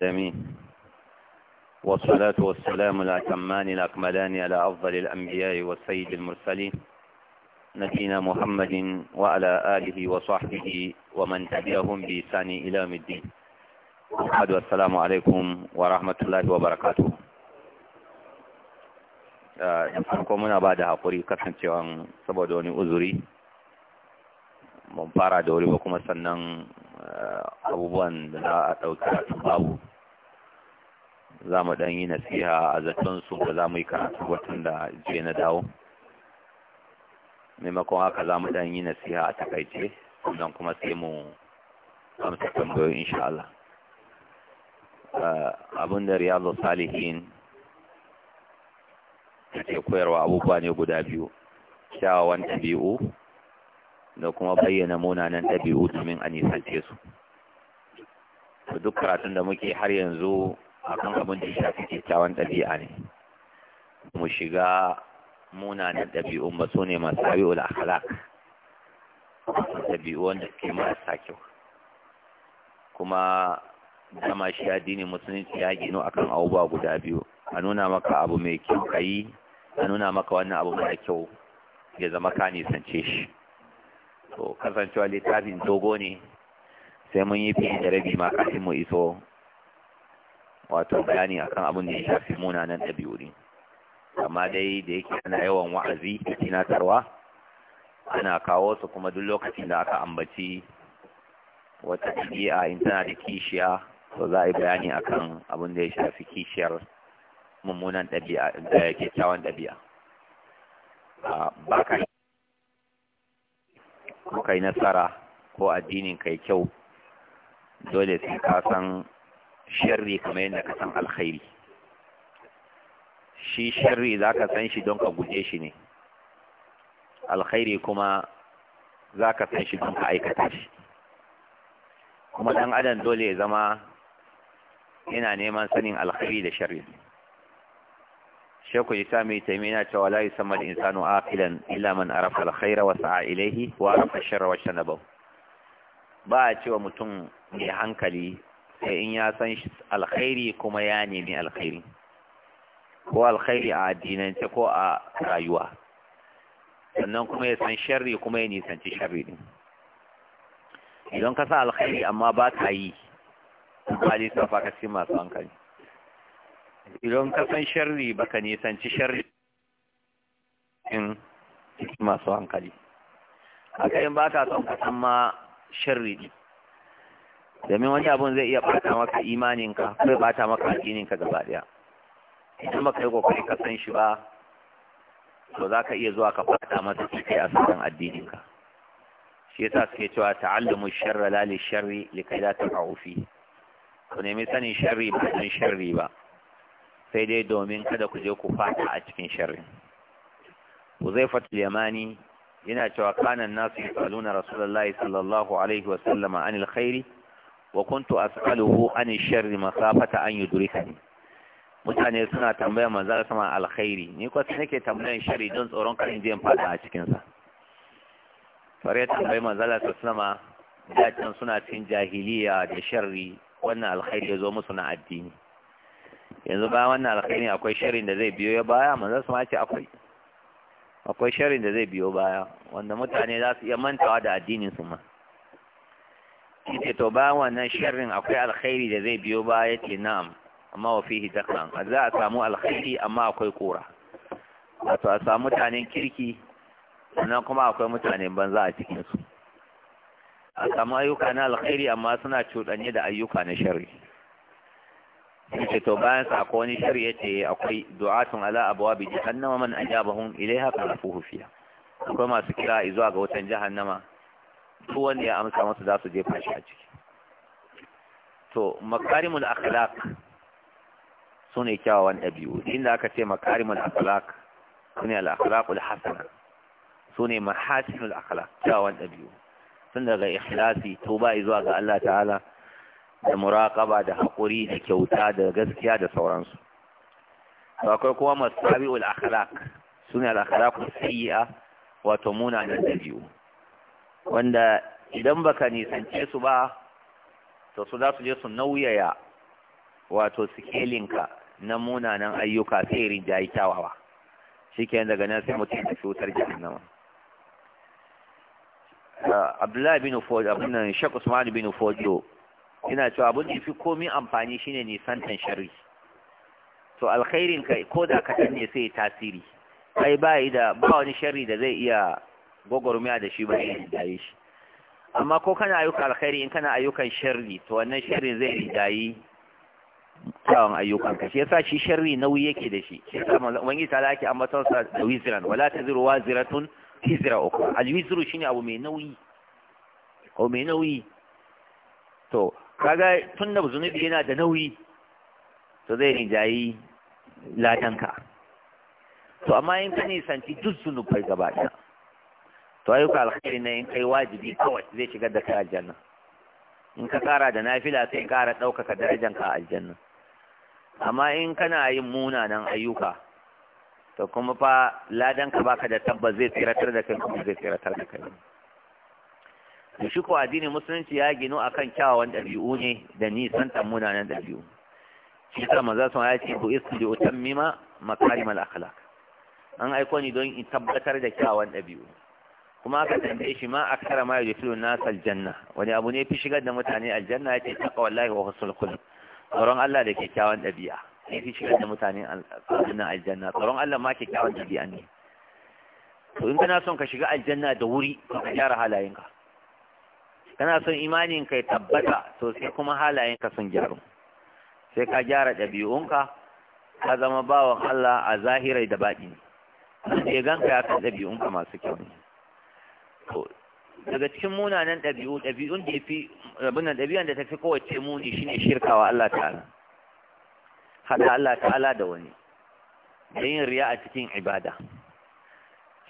السمين والصلاة والسلام الأتمان الأكملان على أفضل الأنبياء والسيد المرسلين نبينا محمد وعلى آله وصحبه ومن تبعهم بإحسان إلى يوم الدين أحد والسلام عليكم ورحمة الله وبركاته farko muna ba da haƙuri kasancewan saboda wani uzuri mun fara da wuri ba kuma sannan abubuwan da za a ɗauki babu za mu ɗan yi nasiha a zaton su da za mu yi karatu watan da je na dawo maimakon haka za mu ɗan yi nasiha a takaice don kuma sai mu amsa tambayoyi insha Allah ah, abin da Riyalu salihin ke koyarwa abubuwa ne guda biyu kyawawan ɗabi'u, da kuma bayyana munanan ɗabi'u domin a nisance su duk karatun da muke har yanzu akan abin da ya shafi kyakkyawan ɗabi'a ne mu shiga munanan ɗabi'un ba su ne masu ɗabi'ul akhlaq ɗabi'u wanda ke marasa kyau kuma dama shi addini musulunci ya gino akan abubuwa guda biyu a nuna maka abu mai kyau ka yi a nuna maka wannan abu mara kyau ya zama ka nisance shi to kasancewa littafin dogo ne sai mun yi fi da rabi ma kafin mu iso wato bayani akan abin da ya shafi munanan ɗabi'uri amma dai da yake ana yawan wa'azi da tinatarwa ana kawo su kuma duk lokacin da aka ambaci wata ɗabi'a in tana da kishiya to za a yi bayani akan abin da ya shafi kishiyar mummunan ɗabi'a da kyakkyawan ɗabi'a ba ka ko kai nasara ko addinin kai kyau dole sai ka san sharri kamar yadda ka san alkhairi shi sharri za ka san shi don ka guje shi ne alkhairi kuma za ka san shi don ka aikata shi kuma ɗan adam dole ya zama yana neman sanin alkhairi da sharri sami ta yi yana cewa la sama da insanu a filan ilaman a rafa alkhaira wa a ilaihi wa rafa sharra ba a cewa mutum mai hankali sai in ya san alkhairi kuma ya nemi alkhairi ko alkhairi a addinance ko a rayuwa sannan kuma ya san sharri kuma ya nisanci sharri ne idan ka sa alkhairi amma ba ka yi ba lissafa ka ci masu hankali idan ka san sharri ba ka nisanci sharri in masu hankali a yin ba ka son ka san ma sharri ne domin wani abun zai iya bata maka imaninka zai bata maka addininka gaba daya idan maka yi kokari ka san shi ba to za ka iya zuwa ka bata masa shi a sassan addininka shi yasa suke cewa ta'allumu sharra la li sharri likai la ta'u fi ku nemi sanin sharri ba don sharri ba sai dai domin kada ku je ku fata a cikin sharrin Uzaifa Yamani yana cewa kanan nasu yasaluna Rasulullahi sallallahu alaihi wa sallama anil khairi wa kuntu as'aluhu an sharri masafata an yudrikani mutane suna tambayar Allah sama alkhairi ni ko sai nake tambayar sharri don tsoron kan je in fada a cikin sa fare tambayar manzon sama da kan suna cin jahiliya da sharri wannan alkhairi ya zo musu na addini yanzu ba wannan alkhairi akwai sharri da zai biyo ya baya manzo sama ce akwai akwai sharri da zai biyo baya wanda mutane za su iya mantawa da addinin su ma ce to ba wannan sharrin akwai alkhairi da zai biyo ba ce na'am amma wa fihi dakhlan za a samu alkhairi amma akwai kura wato a samu mutanen kirki sannan kuma akwai mutanen banza a cikin su a samu ayyuka na alkhairi amma suna cuɗanye da ayyuka na sharri ce to bayan sa akwai wani sharri ce akwai du'atun ala abwabi jahannama man ajabahum ilaiha qalafuhu fiha akwai masu kira izuwa ga wutan jahannama Su wanda ya amsa masa za su jefa shi a ciki to makarimul akhlaq su ne kyawawan ɗabi'u inda aka ce makarimul akhlaq su ne al-akhlaqul hasana su ne mahasinul akhlaq kyawawan ɗabi'u sun daga ikhlasi ba zuwa ga Allah ta'ala da muraqaba da haƙuri da kyauta da gaskiya da sauransu to akwai kuma masabiul akhlaq su ne al-akhlaqus sayyi'a wato munanan dabi'u. wanda idan baka nisance su ba to su za su je su nauyaya wato sikelinka na munanan ayyuka sai jayi kyawawa ke daga nan sai mutum da cutar nama. Ah, Abdullahi bin Ford abin nan Usman bin Fodio ina cewa abin da fi komi amfani shine nisantan shari. to alkhairin kai ko da kaɗan ne sai tasiri kai ba da ba wani shari da zai iya gwagwarmiya da shi ba zai rigaye shi amma ko kana ayyukan alkhairi in kana ayyukan sharri to wannan sharri zai rigayi tsawon ayyukan ka shi yasa shi sharri nauyi yake da shi shi yasa wani ta laki an matan sa da wizran wala taziru waziratun izra ukra al wizru shine abu mai nauyi ko mai nauyi to kaga tun da zunubi yana da nauyi to zai rijayi latanka. to amma in ka nisanci duk zunubai gaba ɗaya to ayyuka alkhairi ne in kai wajibi kawai zai shigar da kai aljanna in ka kara da nafila sai kara ɗaukaka darajanka ka aljanna amma in kana yin munanan ayyuka to kuma fa Ladan ladanka baka da tabbas zai tsiratar da kai kuma zai tsiratar da kai da shi ko addini musulunci ya ginu akan kyawawan ɗabi'u ne da nisan ta munanan ɗabi'u shi ta maza sun ya ce ku isu da utammima makarimal akhlaq an aiko ni don in tabbatar da kyawawan ɗabi'u kuma aka tambaye shi ma akara ma yudkhilu nasa aljanna wani abu ne fi shigar da mutane aljanna yake taqwa wallahi wa husnul khuluq tsoron Allah da kyakkyawan dabi'a ne fi shigar da mutane aljanna tsoron Allah ma kyakkyawan dabi'a ne to in kana son ka shiga aljanna da wuri ka gyara halayenka kana son imanin ka ya tabbata to sai kuma halayenka sun gyaru sai ka gyara ɗabi'unka ka zama bawan Allah a zahirai da baɗi sai ganka ya ka ɗabi'unka masu kyau ne daga cikin munanan ɗabi'u ɗabi'un da yafi fi nan ɗabi'an da tafi kowace muni shine shirkawa Allah ta'ala Allah ta'ala da wani da yin riya a cikin ibada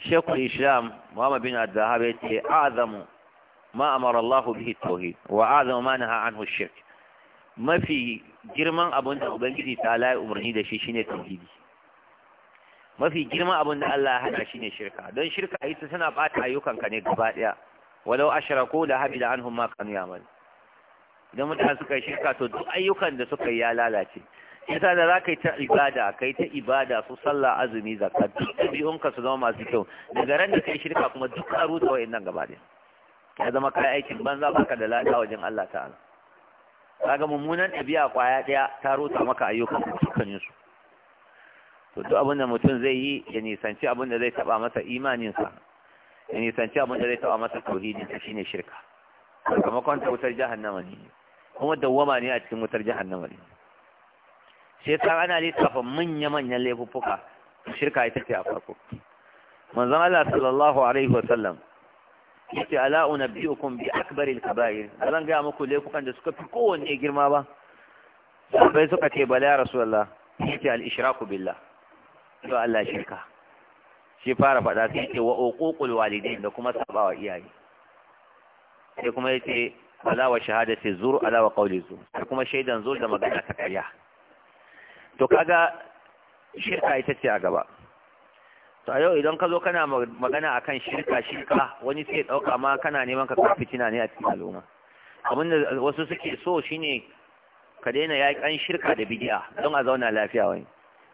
Sheikhul Islam Muhammad bin Abdullah ya ce a'zamu ma amara Allah bihi tauhid wa a'zamu ma naha anhu shirk mafi girman abin da Ubangiji ta ya umarni da shi shine tauhidi mafi girma abin da Allah ya hada ne shirka don shirka ita tana bata ayyukanka ne gaba daya walau da la habila anhum ma kanu idan mutane suka yi shirka to duk ayyukan da suka yi ya lalace yasa da za ka yi ta ibada ka yi ta ibada su sallah azumi zakka duk ɗabi'unka su zama masu kyau daga ran da ka yi shirka kuma duk ka rusa nan gaba daya ya zama ka yi aikin banza baka da lada wajen Allah ta'ala kaga mummunan ɗabi'a kwaya ɗaya ta rusa maka ayyukan dukkaninsu to duk abin da mutum zai yi ya nisanci abin da zai taba masa imaninsa ya nisanci abin da zai taba masa tauhidinsa shine shirka sakamakon ta wutar jahannama ne kuma dawwama ne a cikin wutar jahannama ne sai ta ana lissafa manya-manyan laifuffuka shirka ita ce a farko manzon Allah sallallahu alaihi wa sallam yace ala unabbiukum bi akbaril kaba'ir zan ga muku laifukan da suka fi kowanne girma ba sai suka ce bala ya rasulullah yace al ishraku billah yau Allah shirka shi fara faɗa sai ce wa uququl walidain da kuma sabawa iyaye sai kuma yace ala wa shahadati zur ala wa qawli zur sai kuma shaidan zur da magana ta kariya to kaga shirka ita ce a gaba to yau idan ka zo kana magana akan shirka shirka wani sai dauka ma kana neman ka kafi fitina ne a cikin al'umma abin da wasu suke so shine ka daina yaƙan shirka da bid'a don a zauna lafiya wani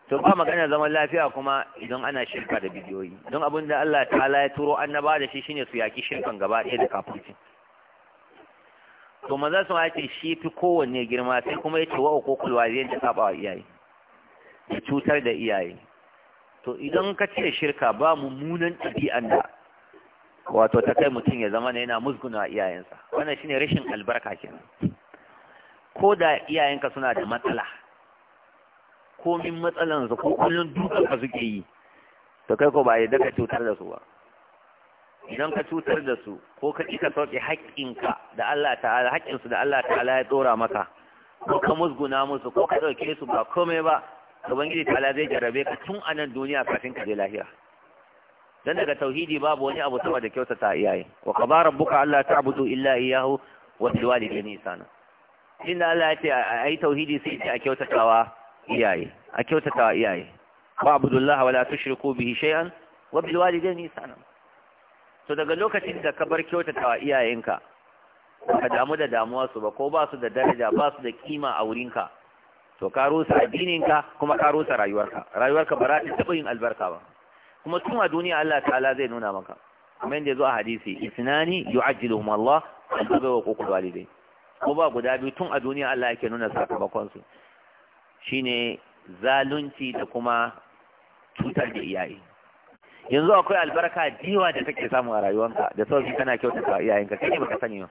to ba magana zaman lafiya kuma idan ana shirka da bidiyoyi don abin da Allah ta'ala ya turo annaba da shi shine su yaki shirkan gaba ɗaya da kafirci to maza su ce shi fi kowanne girma sai kuma ya ce wa kulwa zai da saba wa iyaye da cutar da iyaye to idan ka ce shirka ba mummunan ɗabi'an da wato ta kai mutum ya zama yana musguna iyayensa wannan shine rashin albarka kenan ko da iyayenka suna da matsala komin matsalansa ko kullum dukan ka suke yi to kai ko ba ya ka cutar da su ba idan ka cutar da su ko ka ƙi ka sauke haƙƙinka da Allah ta'ala haƙƙinsu da Allah ta'ala ya tsora maka ko ka musguna musu ko ka ɗauke su ba komai ba ubangiji ta'ala zai jarabe ka tun a nan duniya kafin ka je lahira dan daga tauhidi babu wani abu sama da kyautata iyaye wa qaba rabbuka alla ta'budu illa iyyahu wa bil walidayni ihsana inna Allah ya ce a yi tauhidi sai a kyautatawa iyaye a kyautata wa iyaye wa abudullahi wala tushriku bihi shay'an wa bil walidayni ihsana to daga lokacin da ka bar kyautata wa iyayenka ka damu da damuwa su ba ko ba su da daraja ba su da kima a wurinka to ka rusa addininka kuma ka rusa rayuwarka rayuwarka ba za ta taba yin albarka ba kuma tun a duniya Allah ta'ala zai nuna maka kuma yadda zo a hadisi isnani yu'ajjiluhum Allah al-jabr wa uqul walidai ko ba guda biyu tun a duniya Allah yake nuna sakamakon su Shi ne zalunci da kuma cutar da iyaye yanzu akwai albarka jiwa da take samu a rayuwanka da sauki kana kyautata wa iyayenka kai ne baka sani ba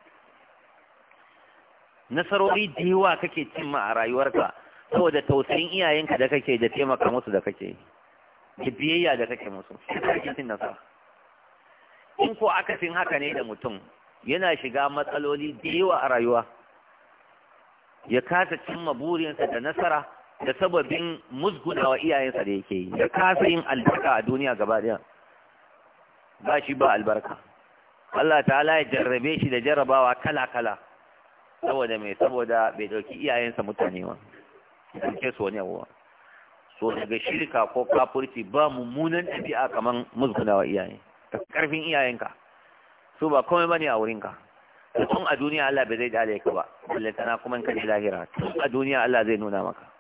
nasarori jiwa kake cimma a rayuwarka saboda tausayin iyayenka da kake da taimaka musu da kake da biyayya da kake musu kake cin nasara in ko aka akasin haka ne da mutum yana shiga matsaloli da yawa a rayuwa ya kasa cimma burinsa da nasara da sababin musgunawa iyayensa da yake yi da kasa yin albarka a duniya gaba daya ba shi ba albarka Allah ta'ala ya jarrabe shi da jarrabawa kala-kala saboda mai saboda bai dauki iyayensa mutane ba ke so ne wa so daga shirka ko kafurci ba mummunan ɗabi'a kamar musgunawa iyaye da karfin iyayenka su ba komai bane a wurinka tun a duniya Allah bai zai dalaye ka ba lallai kuma in ka lahira tun a duniya Allah zai nuna maka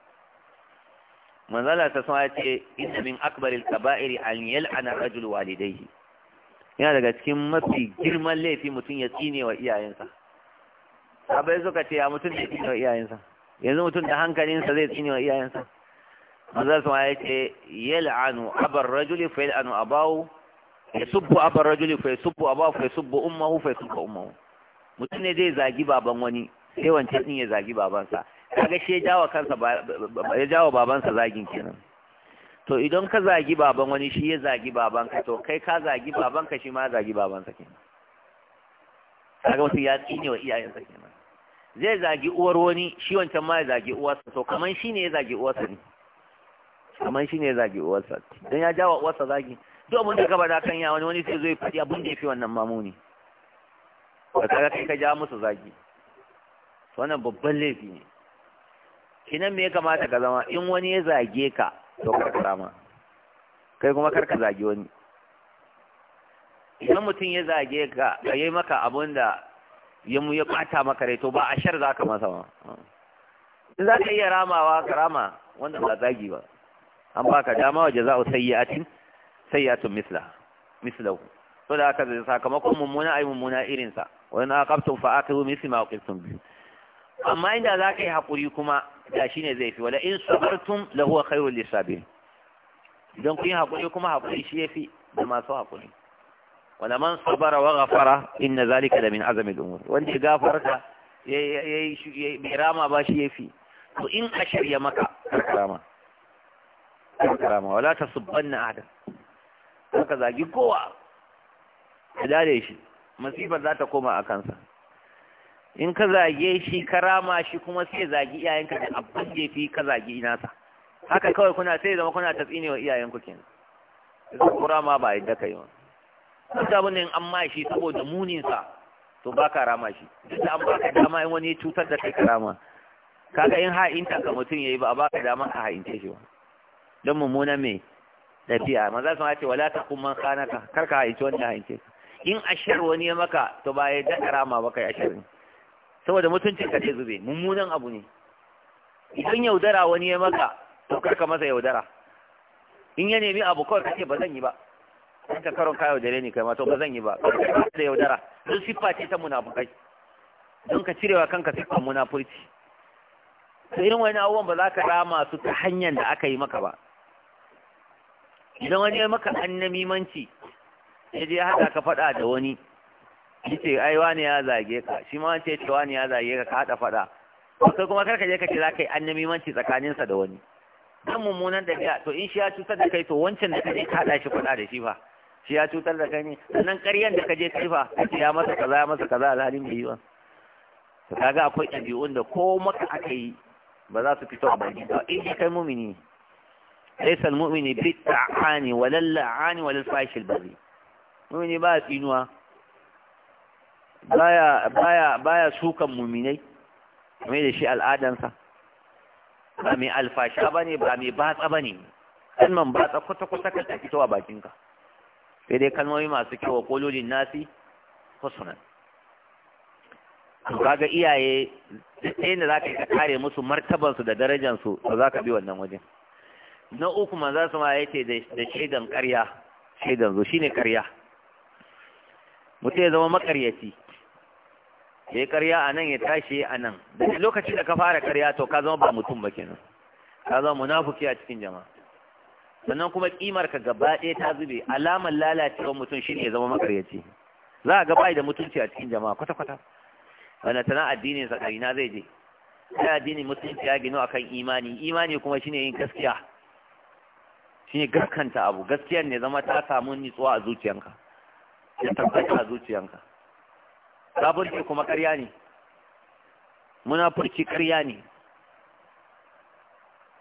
manzala ta sama ce ina min akbaril kaba'iri an ana rajul walidayhi yana daga cikin mafi girman laifi mutum ya tsine wa iyayensa sabai suka ce ya mutum ya tsine wa iyayensa yanzu mutum da hankalinsa zai tsine wa iyayensa manzala sama ya ce anu abar rajuli fa yal'anu abahu yasubbu abar rajuli fa yasubbu abahu fa yasubbu ummahu fa yasubbu ummahu mutum ne zai zagi baban wani sai wancan din ya zagi babansa kaga shi ya jawo kansa ya jawo babansa zagin kenan to idan ka zagi baban wani shi ya zagi baban ka to kai ka zagi baban ka shi ma zagi babansa kenan kaga wasu ya tsine wa iyayensa kenan zai zagi uwar wani shi wancan ma ya zagi uwarsa to kaman shi ne ya zagi uwarsa ne kaman shi ne ya zagi uwarsa don ya jawo uwarsa zagi duk abin da ka bada kan ya wani wani sai zo ya fadi abin da ya fi wannan mamuni ka kaga kai ka ja musu zagi wannan babban laifi ne kinan me ya kamata ka zama in wani ya zage ka to ka rama kai kuma kar ka zage wani idan mutum ya zage ka ka yi maka abun da ya mu ya bata maka rai to ba a shar za ka masa ma in za ka iya ramawa ka rama wanda ba zagi ba an baka dama wa jaza'u sayyi'atin sayyi'atun misla mislahu to da aka zai sakamakon mummuna ai mummuna irinsa wani aqabtum fa aqibu misli ma aqibtum amma inda za ka yi haƙuri kuma da ne zai fi wala in sabartum la huwa khairul lisabirin don kun yi hakuri kuma hakuri shi yafi da masu hakuri wala man sabara wa ghafara inna zalika la min azami al-umur wanda ya gafarta yayi bai rama ba shi yafi to in a shirya maka karama karama wala tasubanna ahada haka zagi kowa ya dare shi masifar za ta koma a kansa in ka zage shi ka rama shi kuma sai zagi iyayenka da abin da fi ka zagi nasa haka kawai kuna sai zama kuna tatsine wa iyayenku kenan sai kurama ba yadda yi ba duk abin in an mashi shi saboda munin sa to ka rama shi duk da an baka dama in wani cutar da kai karama kaga in ha'inta ka mutum yayi ba a baka dama ka ha'ince shi ba don mummuna mai tafiya, maza ma ce wala taqum man khanaka kar ka ha'ince wanda ha'ince in ashar wani ya maka to ba yadda karama ba kai asharin saboda mutuncin ka zai zube mummunan abu ne idan yaudara wani ya maka to karka masa yaudara in ya nemi abu kawai kake ba zan yi ba kan ka karon ka yaudare ni kai ma to ba zan yi ba karka da yaudara don siffa ce ta munafukai don ka cirewa kanka siffa munafurci to irin wani abubuwan ba za ka rama su ta hanyar da aka yi maka ba idan wani ya maka annamimanci ya je haɗa ka faɗa da wani yace ai wani ya zage ka shi ma wance ce wani ya zage ka ka hada fada to kai kuma karka je ka ce za ka yi annamimanci tsakanin sa da wani dan mummunan dabi'a to in shi ya cutar da kai to wancan da kaje ka hada shi fada da shi fa shi ya cutar da kai ne sannan ƙaryan da kaje kai fa kace ya masa kaza ya masa kaza alhalin bai yi ba to kaga akwai ɗabi'un da ko maka aka yi ba za su fito ba ba. ka in kai mumini laysa al-mu'minu bi ta'ani wa lal la'ani wa lil fashil bari mumini ba tsinuwa baya baya baya sukan muminai mai da shi al'adansa ba mai alfasha ba ne ba mai batsa ba ne kalman batsa kwata-kwata ka ta fito a bakinka sai dai kalmomi masu kyau a kololin nasi husnan to kaga iyaye sai da za ka kare musu martabansu da darajansu to ka bi wannan wajen na uku za su ma yake da shaidan karya, shaidan zo shine karya mutum ya zama makaryaci ya yi ƙarya a nan ya tashi a nan da lokacin da ka fara ƙarya to ka zama ba mutum ba kenan ka zama munafuki a cikin jama'a sannan kuma kimar ka gaba ɗaya ta zube alamar lalacewar mutum shi ya zama makaryaci za a ga da mutunci a cikin jama'a kwata kwata wanda tana addinin sa na zai je sai addinin mutunci ya gino akan imani imani kuma shi ne yin gaskiya Shi ne gaskanta abu gaskiyar ne zama ta samu nitsuwa a zuciyanka ya tabbata a zuciyanka kafirci kuma ƙarya ne munafurci ƙarya ne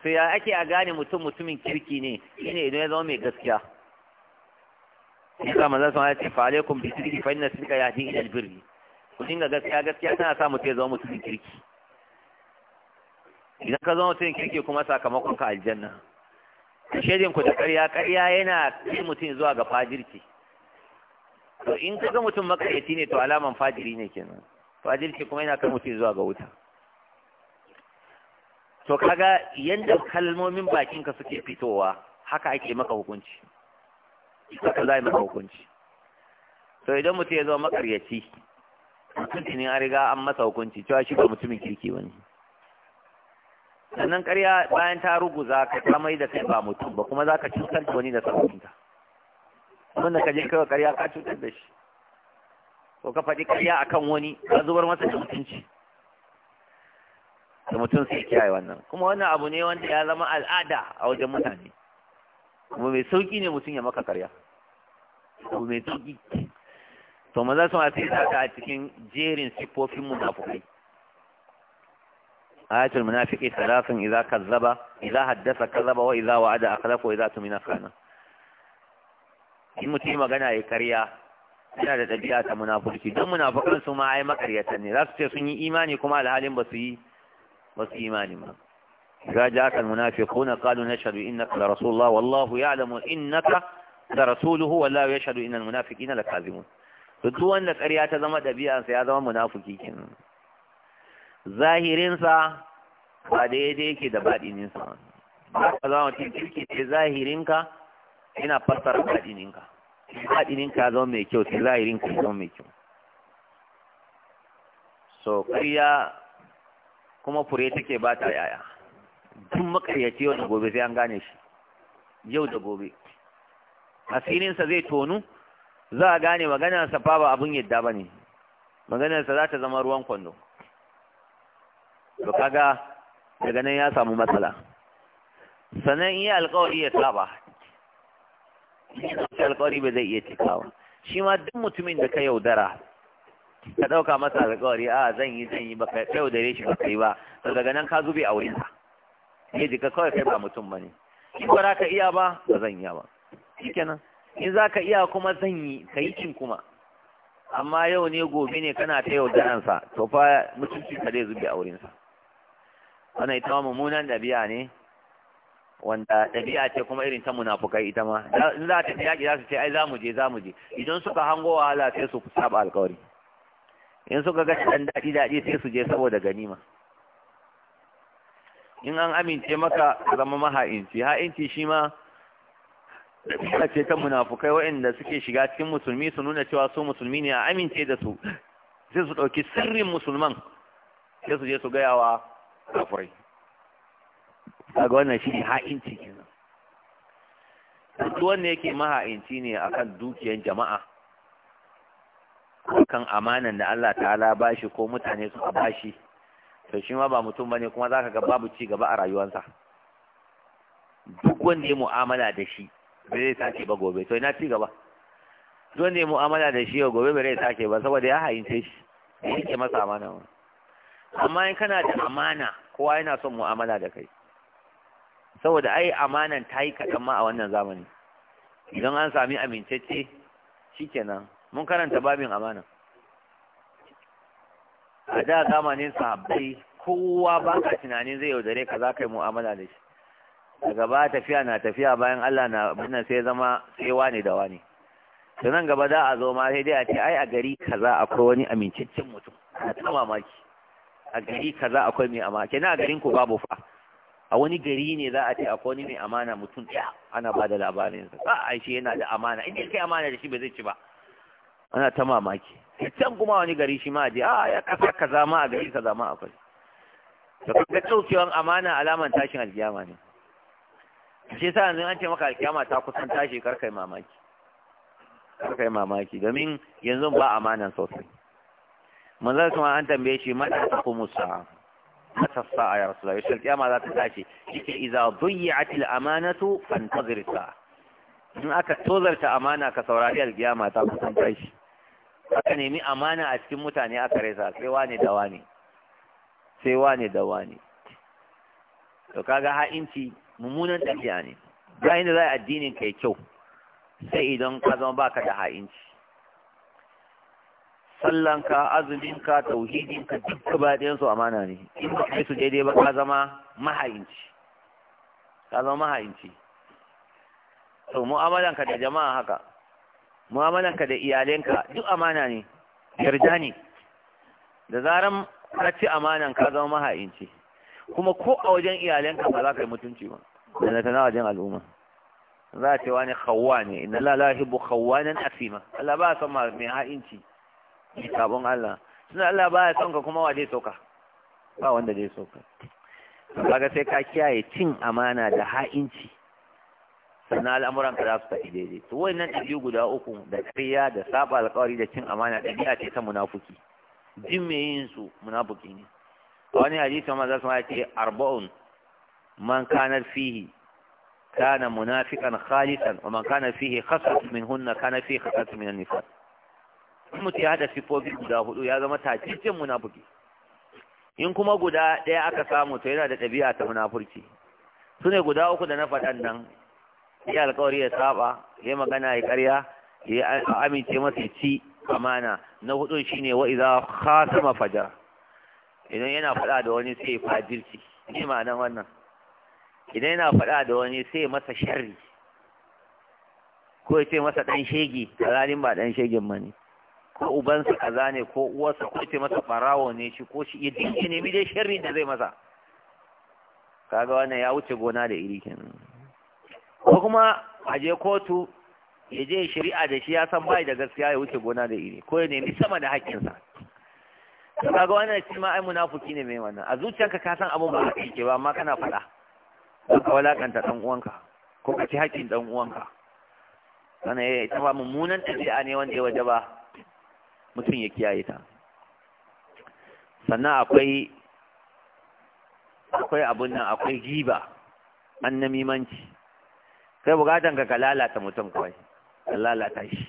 su ya ake a gane mutum mutumin kirki ne shine idan ya zama mai gaskiya Isa manzon sama ya ce fa alaikum bi sirki fa inna sirka ya ila albirri ku dinga gaskiya gaskiya tana sa mutum ya zama mutumin kirki idan ka zama mutumin kirki kuma sakamakon ka aljanna shedin ku da ƙarya ƙarya yana kai mutum zuwa ga fajirki to in ga mutum makaryaci ne to alaman fajiri ne kenan fajirci kuma yana kai mutum zuwa ga wuta to kaga yanda kalmomin bakinka suke fitowa haka ake maka hukunci haka za a maka hukunci to idan mutum ya zama makaryaci mutum ne an riga an masa hukunci cewa shi ba mutumin kirki ba sannan karya bayan ta ruguza ka samai da kai ba mutum ba kuma za ka cutar da wani da sabonta wanda ka je kawai karya ka cutar da shi ko ka faɗi karya a kan wani ka zubar masa da mutunci da mutum sai kiyaye wannan kuma wannan abu ne wanda ya zama al'ada a wajen mutane kuma mai sauki ne mutum ya maka karya abu mai sauki to maza sun ma sai ta a cikin jerin siffofin munafukai ayatul munafiqi salasun idza kazzaba idza haddasa kazzaba wa idza wa'ada akhlafa wa idza tumina khana in mutum magana ya karya yana da ɗabi'a ta munafurci don munafukan su ma ai makaryatan ne za su ce sun yi imani kuma alhalin ba su yi ba su imani ba إذا wallahu ya قالوا in إنك ka da rasuluhu wallahu ya shaɗu والله يشهد إن da kazimu duk wanda karya ta zama sa ya zama munafiki kenan zahirinsa ba daidai yake da baɗininsa ba ka zama mutum kirki ce zahirinka yana fassara baɗininka baɗininka ya zama mai kyau sai zahirinka ya zama mai kyau so ƙarya kuma fure take ba ta yaya Tun makaryaci yau da gobe sai an gane shi yau da gobe asirinsa zai tonu za a gane maganarsa fa ba abin yadda ba ne maganarsa za ta zama ruwan kwando to kaga daga nan ya samu matsala sannan iya alkawari ya saba alƙawari ba zai iya cikawa shi ma duk mutumin da ka yaudara ka ɗauka masa alƙawari a zan yi zan yi ba ka yaudare shi ba kai ba to daga nan ka zube a wurin ya ne jika kawai kai ba mutum ba ne in ba za ka iya ba ba zan iya ba kenan in za ka iya kuma zan yi ka yi cin kuma amma yau ne gobe ne kana ta yaudaransa to fa mutunci ka zai zube a wurinsa wannan ita mummunan ɗabi'a ne wanda ɗabi'a ce kuma irin ta munafukai ita ma in za ta yaƙi za su ce ai za mu je za mu je idan suka hango wahala sai su saba alkawari in suka ga ɗan daɗi daɗi sai su je saboda ganima in an amince maka zama maha'inci ha'inci shi ma ɗabi'a ce ta munafukai waɗanda suke shiga cikin musulmi su nuna cewa su musulmi ne a amince da su sai su ɗauki sirrin musulman sai su je su gaya wa kafirai kaga wannan shi ne ha'inci kenan duk wanda yake maha'inci ne akan dukiyar jama'a akan amanan da Allah ta'ala ba shi ko mutane suka ba shi to shi ma ba mutum bane kuma zaka ga babu ci gaba a rayuwarsa duk wanda ya mu'amala da shi ba zai sake ba gobe to ina ci gaba duk wanda ya mu'amala da shi gobe ba zai sake ba saboda ya ha'ince shi yake masa amana amma in kana da amana kowa yana son mu'amala da kai saboda ai amanan ta yi kaɗan ma a wannan zamani idan an sami amincacce kenan mun karanta babin amana a da zamanin sahabbai kowa ba ka tunanin zai yaudare ka za ka yi mu'amala da shi daga ba tafiya na tafiya bayan Allah na binnan sai zama sai wane da wane to nan gaba za a zo ma sai dai a ce ai a gari kaza akwai wani amincaccen mutum a ta mamaki a gari kaza akwai mai amma kenan a garin ku babu fa a wani gari ne za a ce a wani mai amana mutum ɗaya ana ba da labarinsa a ai shi yana da amana inda kai amana da shi ba zai ci ba ana ta mamaki can kuma wani gari shi ma a je a ah, ya kasa ka zama a gari ka zama a kwai da kaga ɗaukewan amana alaman tashin alkiyama ne shi sa yanzu an ce maka alkiyama ta kusan tashi kar kai mamaki kar mamaki domin yanzu ba amanan sosai manzon kuma an tambaye shi mata ta kuma mata sa'a ya rasulullah yaushe kiyama za ta tashi yake idza dhiyat al amanatu fantazir sa'a in aka tozarta amana ka saurari al kiyama ta kusan tashi aka nemi amana a cikin mutane aka rasa sai wane da sai wane da to kaga ha'inci mummunan ɗabi'a ne bayan da za yi addinin kai kyau sai idan ka zama baka da ha'inci sallanka azuminka tauhidinka duk gaba su amana ne in ba kai su daidai ba ka zama mahayinci ka zama mahayinci to mu'amalanka da jama'a haka mu'amalanka da iyalenka duk amana ne yarda ne da zaran ka ci amanan ka zama mahayinci kuma ko a wajen iyalenka ba za ka yi mutunci ba da na tana wajen al'umma za a ce wani khawwa ne inna la la yuhibbu nan asima Allah ba san mai ha'inci mai sabon Allah suna Allah ba ya son kuma wa zai soka ba wanda zai soka kaga sai ka kiyaye cin amana da ha'inci sannan al'amuran ka za su tafi daidai to nan ɗabi'u guda uku da kariya da saba alƙawari da cin amana ɗabi'a ce ta munafuki jin me yin su munafuki ne a wani hadisi ma za su ma ce arba'un man kana fihi kana munafiqan khalisan wa man kana fihi khasat hunna kana fihi khasat min an-nifaq mutu ya haɗa siffofi guda hudu ya zama tacicin munafurci in kuma guda ɗaya aka samu to yana da ɗabi'a ta munafurci su ne guda uku da na faɗan nan ya alkawari ya saba ya magana ya ƙarya ya amince masa ci amana na hudun shine wa idza khasama fajar idan yana faɗa da wani sai fajirci ne ma'anar wannan idan yana faɗa da wani sai masa sharri ko ya ce masa ɗan shege alhalin ba ɗan shegen ba ne ko ubansa kaza ne ko uwarsa ko ce masa farawo ne shi ko shi idin ya nemi dai sharri da zai masa kaga wannan ya wuce gona da iri kenan ko kuma a je kotu ya je shari'a da shi ya san bai da gaskiya ya wuce gona da iri ko ya nemi sama da haƙƙinsa kaga wannan shi ma ai munafiki ne mai wannan a zuciyarka ka san abun ba ka ke ba amma kana faɗa don ka walakanta ɗan uwanka ko ka ci haƙƙin ɗan uwanka sanaye ya ita ba mummunan ɗabi'a ne wanda ya waje ba mutum ya kiyaye ta sannan akwai akwai abun nan akwai giba an namimanci kai bukatan ka ka lalata mutum kawai ka lalata shi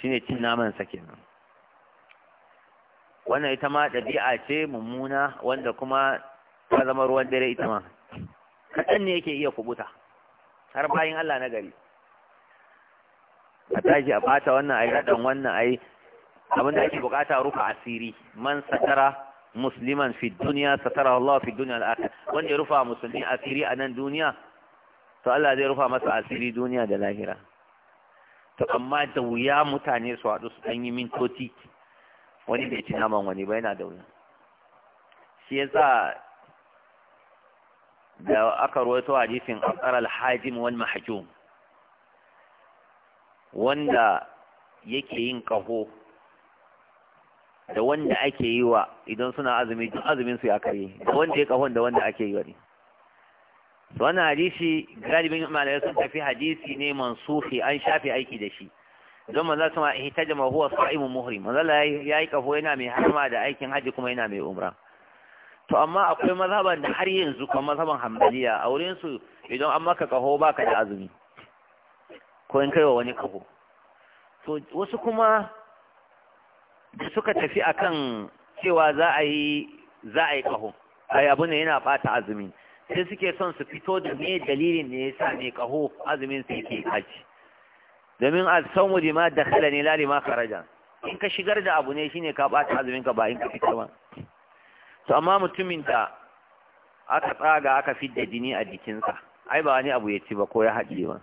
shine cin naman sa nan. wannan ita ma ɗabi'a ce mummuna wanda kuma ta zama ruwan dare ita ma kaɗan ne yake iya kubuta har bayan Allah na gari a tashi a bata wannan ai radan wannan ai abin da ake bukata rufa asiri man satara musliman fi duniya satara Allah fi duniya al-akhir wanda ya rufa musulmi asiri a nan duniya to Allah zai rufa masa asiri duniya da lahira to amma da wuya mutane su haɗu su ɗan yi mintoci wani bai ci naman wani ba yana da wuya shi yasa da aka rawaito hadisin aqara al-hajim wal mahjum wanda yake yin kaho da wanda ake yi wa idan suna azumi duk azumin su ya kare da wanda ya kahon da wanda ake yi wa ne wannan hadisi galibin malamai sun tafi hadisi ne mansufi an shafe aiki da shi don manzo sama ihtajama huwa sa'imun muhrim manzo ya yi kaho yana mai harma da aikin haji kuma yana mai umra to amma akwai mazhaban da har yanzu kuma mazhaban hanbaliya a wurin su idan an maka kaho baka da azumi ko in kaiwa wani kaho to wasu kuma da suka tafi akan cewa za a yi za a yi kaho ai abu ne yana bata azumi sai suke son su fito da me dalilin ne yasa ne kaho azumin su yake kaci domin al-sawmu lima dakhala ne la ma kharaja in ka shigar da abu ne shine ka bata azumin ka ba in ka fito ba to amma mutumin da aka tsaga aka fidda jini a jikinsa ai ba wani abu ya ci ba ko ya haɗiye ba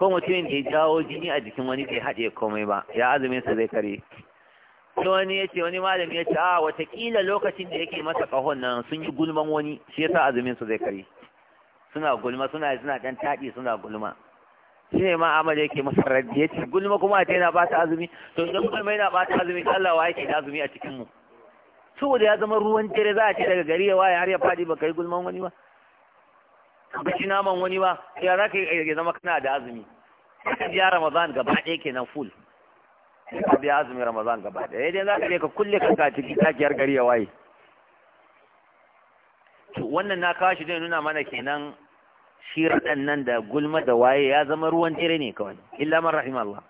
ko mutumin da ya jawo jini a jikin wani bai haɗe komai ba ya azumin sa zai kare sai wani ya ce wani malami ya ce a ah, watakila lokacin da yake masa kahon nan sun yi gulman wani shi yasa azumin sa zai kare suna gulma suna suna dan taɗi suna gulma shi ne ma amal yake masa raddi ya ce gulma kuma a tana ba ta azumi to idan gulma yana ba ta azumi Allah wa yake da azumi a cikin mu saboda ya zama ruwan dare za a ce daga gari ya waye har ya faɗi ba kai gulman wani ba ba naman wani ba ya za ka yi zama kana da azumi ya biya ramazan gaba ɗaya kenan full ya biya azumi ramazan gaba ɗaya Yadda za ka ka kulle kanka ciki, takiyar gari ya waye wannan na kawo shi zai nuna mana kenan shi raɗan nan da gulma da waye ya zama ruwan dare ne kawai illa man rahim Allah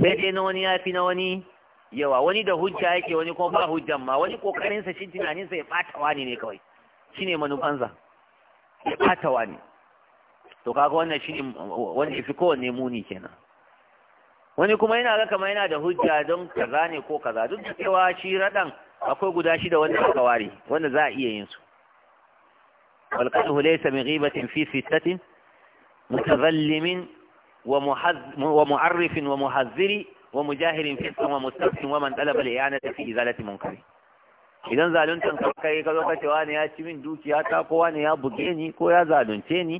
sai dai na wani ya fi na wani yawa wani da hujja yake wani kuma ba hujjan ma wani kokarin sa shi tunanin sa ya bata wani ne kawai shine manufansa katawa ne to kaga wannan shi wani kowane kowanne muni kenan wani kuma yana ga kamar yana da hujja don kaza ko kaza duk da cewa shi radan akwai guda shi da wanda aka ware wanda za a iya yin su walqalhu laysa min ghibatin fi fitatin mutazallimin wa wa mu'arrifin wa muhazziri wa mujahirin fi wa mustafin wa man talaba li'anati fi izalati kare. idan zaluntan kai ka zo ka cewa wani ya ci min dukiya ta ko wani ya buge ni ko ya zalunce ni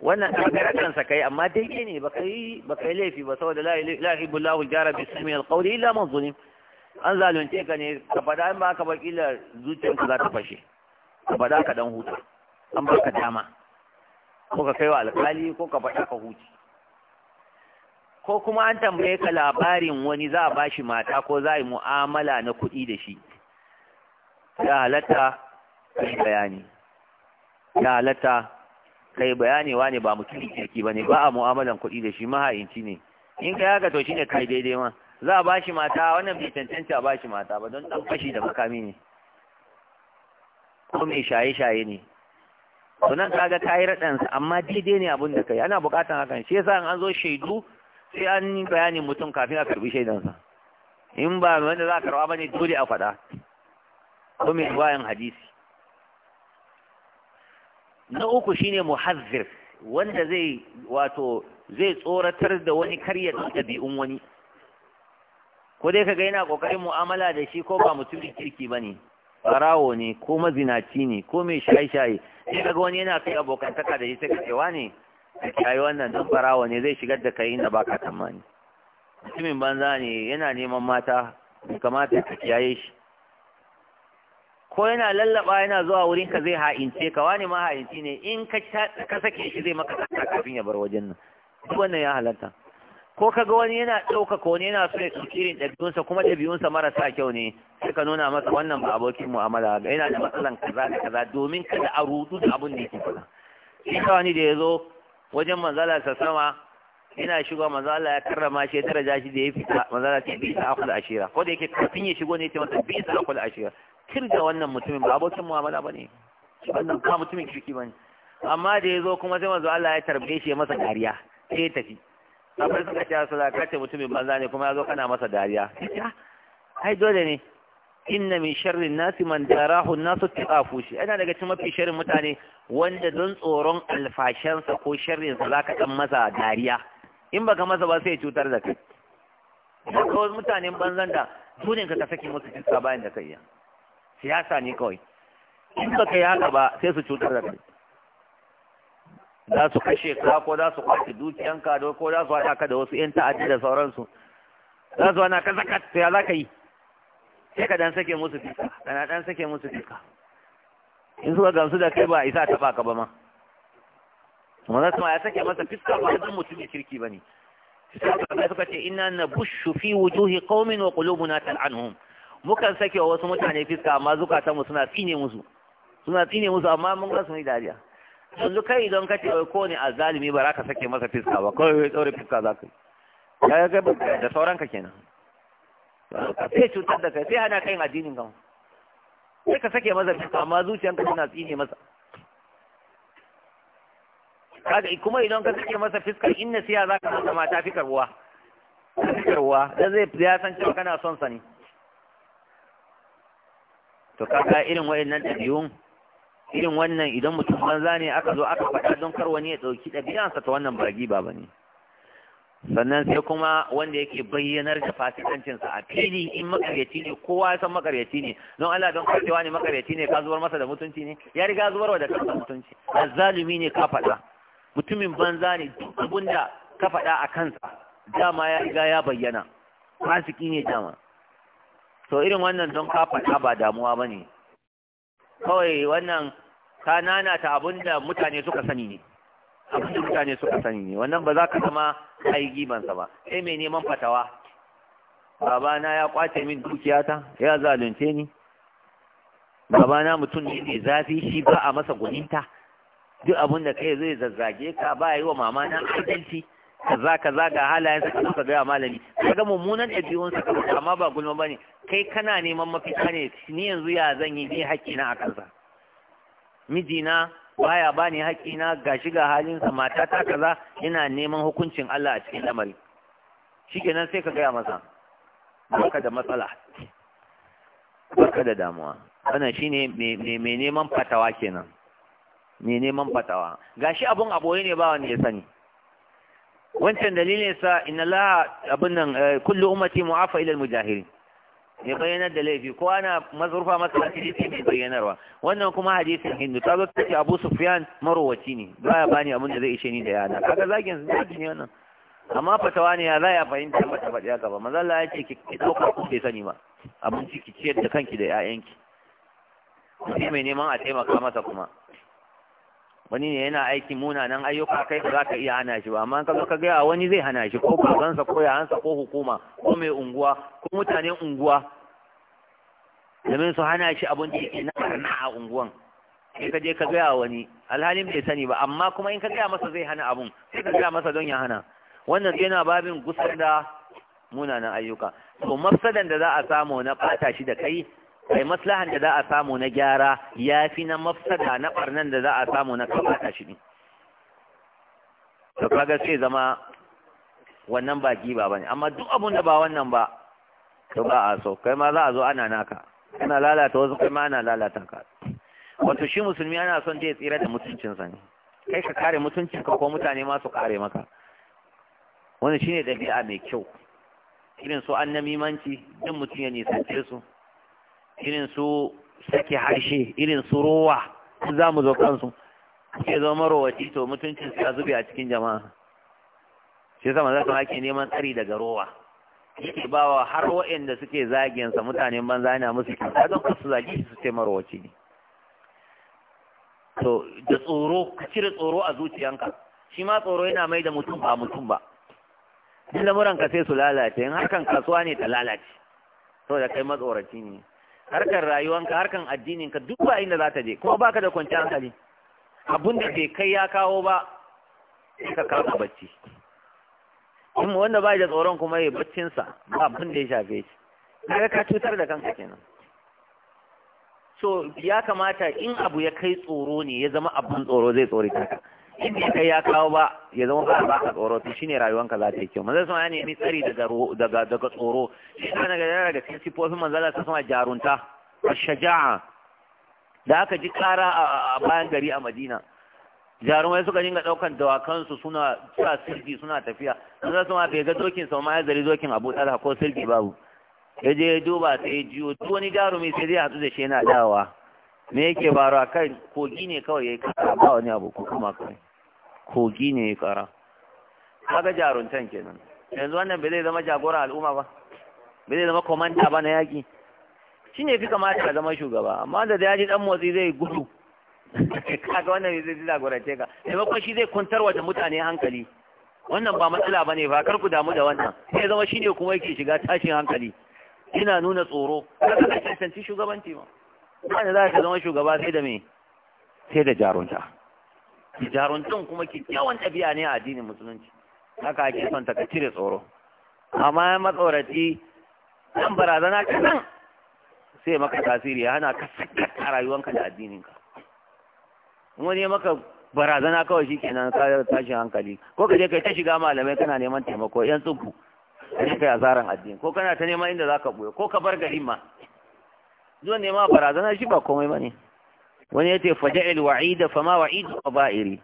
wannan ɗan sa kai amma dai ke ne ba yi baka yi laifi ba saboda la ilahi lahu jara bi sami alqawli illa man zulim an zalunce ka ne ka fada in baka ka ba kila ka za ta fashe ka fada ka dan huta an baka dama ko ka kai wa alkali ko ka fada ka huce ko kuma an tambaye ka labarin wani za a bashi mata ko za a yi mu'amala na kuɗi da shi ya halatta kai bayani ya halatta kai bayani wani ba mutumin kirki bane ba a mu'amalan kuɗi da shi mahayinci ne in kai haka to shine kai daidai ma za a bashi mata wannan bai a bashi mata ba don dan fashi da makami ne ko mai shaye-shaye ne sunan kaga kayi raɗansa amma daidai ne abin da kai ana buƙatan hakan shi yasa an zo shaidu sai an yi bayanin mutum kafin a karɓi shaidansa in ba wanda za a ba ne dole a faɗa ko mai riwayan hadisi na uku shine muhazzir wanda zai wato zai tsoratar da wani karya ɗabi'un wani ko dai kaga yana kokarin mu'amala da shi ko ba mutumin kirki bane Farawo ne ko mazinaci ne ko mai shaye-shaye sai kaga wani yana kai abokantaka da shi sai kace wane kai wannan dan farawo ne zai shigar da kai inda baka tsammani mutumin banza ne yana neman mata kamata ka kiyaye shi ko yana lallaba yana zuwa wurin ka zai ha'ince ka wani ma ha'inci ne in ka ka sake shi zai maka tsaka kafin ya bar wajen nan duk wannan ya halatta ko kaga wani yana ɗauka ko wani yana so ya tsuki irin ɗabi'unsa kuma ɗabi'unsa marasa kyau ne suka nuna masa wannan ba abokin mu'amala ga yana da matsalan kaza da kaza domin kada a rudu da abin da yake faɗa shi ka wani da ya zo wajen manzala sa sama yana shigo manzala ya karrama shi daraja shi da ya fita manzala ce bi sa akul ashira ko da yake kafin ya shigo ne ya ce masa bi sa akul ashira kirga wannan mutumin ba abokin mu'amala bane wannan ka mutumin kirki bane amma da ya zo kuma sai manzo Allah ya tarbe shi ya masa dariya sai ya tafi kafin suka ci su ka ce mutumin banza ne kuma ya zo kana masa dariya ah, ai dole ne inna min sharri nasi man darahu nasu tiqafu shi ana daga cikin mafi sharrin mutane wanda don tsoron alfashansa ko sharrin sa zaka dan masa dariya in baka masa ba sai cutar da kai ko mutanen banzan da sunin ka ka saki musu iska bayan da kai siyasa ne kawai in ba ka yi haka ba sai su cutar da kai za su kashe ka ko za su kwace dukiyan da ko za su haɗa ka da wasu 'yan ta'addi da sauransu za su hana ka ta ya za ka yi sai ka dan sake musu fika kana dan sake musu fika in suka gamsu da kai ba isa taɓa ka ba ma manzo sama ya sake masa fiska ba dan mutum kirki ba ne suka ce na bushu fi wujuhi qaumin wa qulubuna tal'anhum mukan sake wa wasu mutane fiska amma zukatanmu suna tsine musu suna tsine musu amma mun ga sun yi dariya yanzu kai idan ka ce wai ko ne azalimi ba za ka sake masa fiska ba kawai wai tsore fiska za ka yi ya ga da sauran ka kenan sai cutar da kai sai hana kai addinin kan sai ka sake masa fiska amma zuciyanka suna tsine masa kaga kuma idan ka sake masa fiska, in siya za ka zama ta fi karbuwa ta fi karbuwa dan zai ya san cewa kana son sa ne to kaga irin waɗannan ɗabi'un irin wannan idan mutum banza ne aka zo aka faɗa don kar wani ya ɗauki ɗabi'ansa ta wannan ba giba ba ne sannan sai kuma wanda yake bayyanar da fasikancinsa a fili in makaryaci ne kowa ya san makaryaci ne don Allah don karcewa ne makaryaci ne ka zubar masa da mutunci ne ya riga wa da kansa mutunci zalumi ne ka faɗa mutumin banza ne duk abinda da ka faɗa a kansa dama ya riga ya bayyana fasiki ne dama to irin wannan don ka faɗa ba damuwa ba ne kawai wannan ka ta abin da mutane suka sani ne abin da mutane suka sani ne wannan ba za ka zama yi gibansa ba sai mai neman fatawa babana ya kwace min dukiyata ya zalunce ni babana mutum ne mai zafi shi ba a masa gudinta duk abin da kai zai zazzage ka ba yi wa mamana adalci kaza kaza ga halayen sa kaza ga malami kaga mummunan ɗabi'un sa faɗa amma ba gulma bane kai kana neman mafita ne ni yanzu ya zan yi ni na a kansa mijina baya bani haƙƙina gashi ga halin sa, mata ta kaza ina neman hukuncin Allah a cikin lamari shikenan sai ka gaya masa baka da matsala baka da damuwa wannan shine me neman fatawa kenan me neman fatawa gashi abun aboye ne ba wanda ya sani wancan dalilin sa inna la abin nan eh, kullu ummati mu'afa ila al-mujahirin ya bayyana da laifi ko ana mazurfa masa hadisi cikin bayyanarwa wannan kuma hadisin hindu ta zo ta Abu Sufyan marwaci ne baya bani abin da zai ishe ni da yana kaga zagin zagi ne wannan amma fatawa ne ya za ya fahimta mata faɗi haka ba maza Allah ya ce ki ɗaukar ku bai sani ba abinci ki ciyar da kanki da 'ya'yanki sai mai neman a taimaka masa kuma wani ne yana aiki munanan ayyuka kai ba za ka iya hana shi ba amma ka zo ka gaya wani zai hana shi ko kakansa ko yayansa ko hukuma ko mai unguwa ko mutanen unguwa domin su hana shi abin da yake na barna a unguwan sai ka je ka gaya wani alhalin bai sani ba amma kuma in ka gaya masa zai hana abun sai ka gaya masa don ya hana wannan yana babin gusar da munanan ayyuka to mafsadan da za a samu na bata shi da kai kai maslahan da za a samu na gyara ya fi na mafsada na barnan da za a samu na kamata shi ne to kaga sai zama wannan ba giba ne. amma duk abun da ba wannan ba to ba a so kai ma za a zo ana naka Ana lalata wasu kai ma ana lalata ka wato shi musulmi ana son da tsira da mutuncinsa ne kai ka kare mutuncinka ko mutane ma su kare maka wani shine ɗabi'a mai kyau irin su mimanci din mutum ya nisance su irin su sake harshe irin su rowa za mu zo kansu ke zama marowaci to mutuncin ya zube a cikin jama'a shi sama za su ake neman tsari daga rowa yake bawa har waɗanda suke zagensa mutanen banza yana musu kyauta don kasu zage shi su ce marowaci ne to da tsoro ka cire tsoro a zuciyanka shi ma tsoro yana mai da mutum ba mutum ba duk lamuranka sai su lalace in hakan kasuwa ne ta lalace saboda kai matsoraci ne harkar rayuwanka harkar addininka duk ba inda za ta je kuma baka da kwanciyar hankali abun da bai kai ya kawo ba ka kawo bacci kuma wanda ba da tsoron kuma ya baccinsa ba abun da ya shafe shi kaga ka cutar da kanka kenan so ya kamata in abu ya kai tsoro ne ya zama abin tsoro zai tsori ka in bai kai ya kawo ba ya zama ba ba ka tsoro to shine rayuwanka za ta yi kyau manzo sama ya nemi tsari daga daga daga tsoro shi ne daga daga cikin sifofin manzo Allah sama jarunta shaja'a da aka ji kara a bayan gari a Madina jarumai suka dinga daukan dawakansu suna sa sirgi suna tafiya manzo sama bai ga dokin sa ma ya zari dokin Abu Talha ko sirgi babu ya je ya duba sai ya jiyo duk wani jarumi sai zai hadu da shi yana dawowa me yake a kai kogi ne kawai yayi kara ba wani abu ko kuma kai kogi ne yayi kara kaga jaruntan kenan yanzu wannan bai zai zama jagoran al'umma ba bai zai zama komanda ba na yaki ne fi kamata ka zama shugaba amma da ya ji dan motsi zai gudu kaga wannan zai zai jagorance ka maimakon shi zai kuntarwa wa mutane hankali wannan ba matsala ba ne ba kar ku damu da wannan sai zama shine kuma yake shiga tashin hankali ina nuna tsoro kada ka cancanci shugabanci ma ba da za ka zama shugaba sai da me sai da jarunta jaruntun kuma kyakkyawan ɗabi'a ne a addinin musulunci haka ake son ta ka cire tsoro amma ya matsoraci ɗan barazana kaɗan sai maka tasiri ya hana ka sakata rayuwanka da addininka wani ya maka barazana kawai shi kenan ka tashin hankali ko ka je kai ta shiga malamai kana neman taimako yan tsubu ka je kai asaran addini ko kana ta neman inda za ka buya ko ka bar garin ma zuwa nema barazana shi ba komai ba ne. wani yace faja'il wa'ida fama wa'idu qaba'iri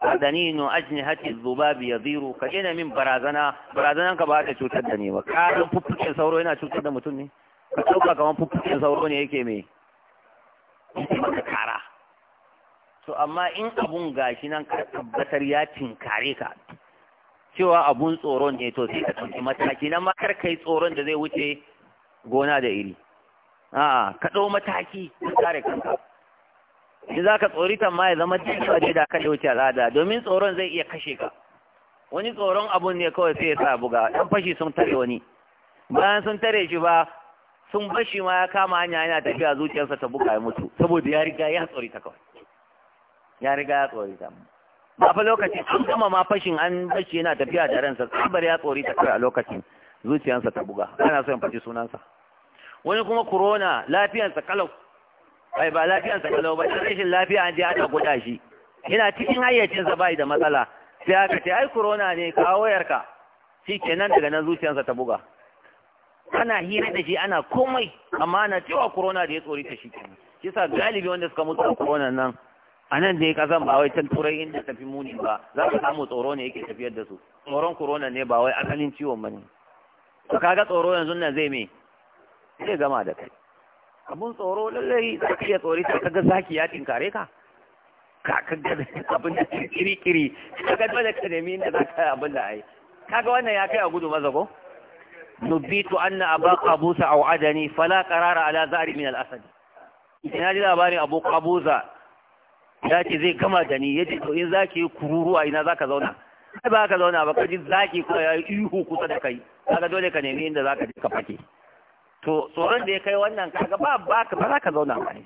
adaninu ajnihati dhubab yadhiru ka ina min barazana barazanan ka ba ta cutar da ni ba karin fuffuken sauro yana cutar da mutum ne ka dauka kaman fuffuken sauro ne yake me maka kara to amma in abun gashi nan ka tabbatar ya tinkare ka cewa abun tsoron ne to sai ka ɗauki mataki na ma kar kai tsoron da zai wuce gona da iri a'a ka ɗau mataki ka kare kanka in za ka tsorita ma ya zama cewa dai da kada wuce al'ada domin tsoron zai iya kashe ka wani tsoron abun ne kawai sai ya sa buga ɗan fashi sun tare wani bayan sun tare shi ba sun bashi ma ya kama hanya yana tafiya zuciyarsa ta buga ya mutu saboda ya riga ya tsori ta kawai ya riga ya ta ba fa lokaci an gama ma fashin an bashi yana tafiya da ransa tsabar ya tsori ta kawai a lokacin zuciyarsa ta buga ana son fashi sunansa wani kuma corona lafiyan sakalau ai ba lafiyan sakalau ba rashin lafiya an je aka guda shi yana cikin hayyacin sa bai da matsala sai aka ce ai corona ne kawo wayarka kenan daga nan zuciyarsa ta buga ana hira da shi ana komai amma ana cewa corona da ya tsori ta shi kenan kisa galibi wanda suka mutu a corona nan a nan da kasan ba wai can turai inda tafi muni ba za ka samu tsoro ne yake tafiyar da su tsoron corona ne ba wai asalin ciwon ba ne to kaga tsoro yanzu nan zai me zai gama da kai abun tsoro lallai za ka iya tsori ta kaga zaki ya tinkare ka ka kaga abin da kiri kiri ka ga dole ka nemi inda za ka abin da ai kaga wannan ya kai a gudu maza ko nubitu anna aba qabusa aw adani fala qarara ala zari min al asad ina ji labarin abu qabusa ya ce zai gama da ni yace to in zaki yi kururuwa ina zaka zauna kai ba ka zauna ba ka ji zaki ko ya yi ihu kusa da kai kaga dole ka nemi inda zaka ka fake to tsoron da ya kai wannan kaga ba ba ka ba za ka zauna ba ne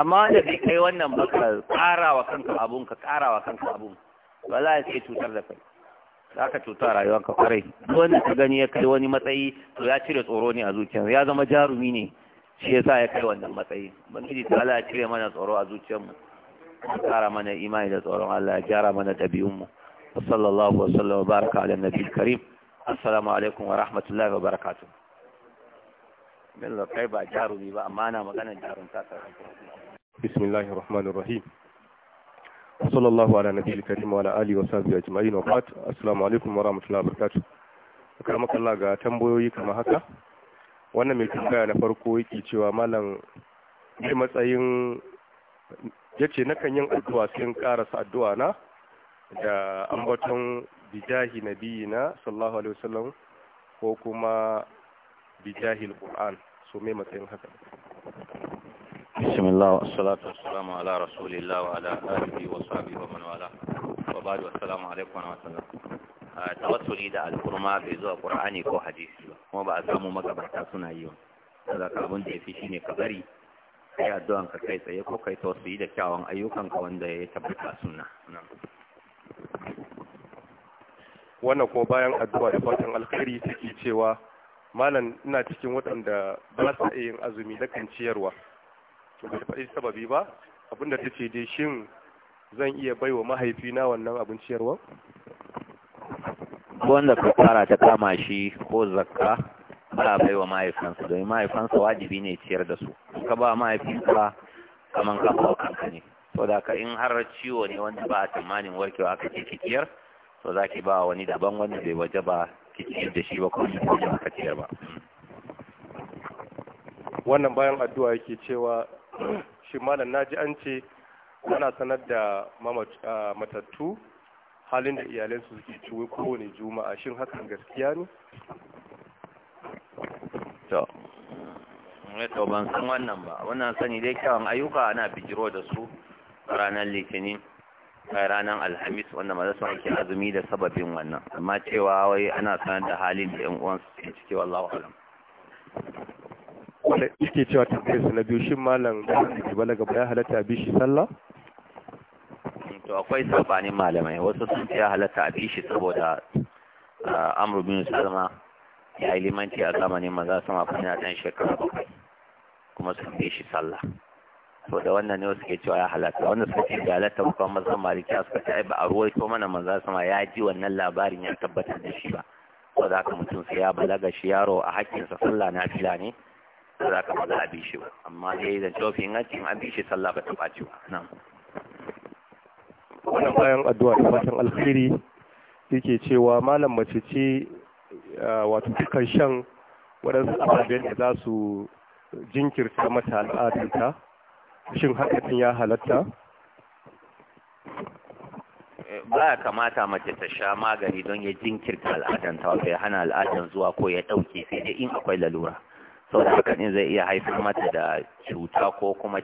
amma wanda bai kai wannan ba ka ƙara wa kanka abun ka ƙara wa kanka abun ba za sai cutar da kai za ka cuta ka kwarai wanda ka gani ya kai wani matsayi to ya cire tsoro ne a zuciyarsa ya zama jarumi ne shi sa ya kai wannan matsayi ubangiji ta Allah ya cire mana tsoro a zuciyarmu ya ƙara mana imani da tsoron Allah ya gyara mana ɗabi'unmu wa sallallahu wa sallam wa baraka ala nabiyil karim assalamu alaikum wa rahmatullahi wa barakatuh bello Lokai ba jarumi ba amma ana magana jarumta ta bismillahir rahmanir rahim ala وصلى wa على نبي الكريم وعلى آله وصحبه أجمعين وبعد السلام عليكم ورحمة الله وبركاته karamak Allah ga tambayoyi kamar haka wannan mai tambaya na farko yake cewa malam mai matsayin yace nakan yin addu'a sun karasa addu'a na da ambaton bijahi nabiyina sallallahu alaihi wasallam ko kuma bijahil qur'an su mai matsayin haka bismillah wassalatu wassalamu ala rasulillah wa ala alihi wa sahbihi wa man wala wa ba'du assalamu alaikum wa rahmatullah tawassuli da alkurma bai zuwa qur'ani ko hadisi ba kuma ba a samu magabata suna yi ba zaka abin da yafi shine ka bari kai addu'an ka kai tsaye ko kai tawassuli da kyawun ayyukan ka wanda ya tabbata sunna wannan ko bayan addu'a da fatan alkhairi take cewa malam ina cikin waɗanda ba sa yin azumi da kan ciyarwa ba ta faɗi sababi ba abinda ta ce dai shin zan iya baiwa wa mahaifina wannan abin ciyarwa wanda ka fara ta kama shi ko zakka ba bai wa mahaifansa domin mahaifansa wajibi ne ciyar da su ka ba mahaifinka kaman ka ba kanka ne to da ka in har ciwo ne wanda ba a tsammanin warkewa aka ce ciyar to za ki ba wani daban wanda bai waje ba ki ciyar da shi ba shi ka ciyar ba wannan bayan addu'a yake cewa shi malam naji an ce ana sanar da matattu halin da su suke ciwo kowane juma'a shin hakan gaskiya ne to eh, to ban san wannan ba wannan sani dai kyawun ayyuka ana bijiro da su ranar litinin ranar alhamis wanda ma zasu ake azumi da sababin wannan amma cewa wai ana sanar da halin da 'yan uwansu ke ciki wallahu alam wanda yake cewa kai su na biyu shin malam da balaga gaba, ya halatta bi shi sallah to akwai sabanin malamai wasu sun ce ya halatta a bi shi saboda amru bin salma ya yi limanci a zamanin maza sama fa yana dan shekara bakwai kuma sun bi shi sallah to da wannan ne wasu ke cewa ya halatta wanda suka ce da halatta ko kuma mazan maliki suka ce ba a ko mana manza sama ya ji wannan labarin ya tabbatar da shi ba ko za ka mutum sai ya balaga shi yaro a hakkin sa sallah na fila ne ko za ka maza a bi shi ba amma dai da tofin hakkin a bi shi sallah ba ta ɓaci ba nan wannan bayan addu'a da fatan alkhairi yake cewa malam mace ce wato dukkan shan waɗansu ababen da za su jinkirta mata al'adarta shin hakan ya halatta eh, ba ya kamata mace ta sha magani don ya jinkirta al'adanta wato ya hana al'adar zuwa ko ya ɗauke sai dai in akwai lalura sau da haka zai iya haifar mata da cuta ko kuma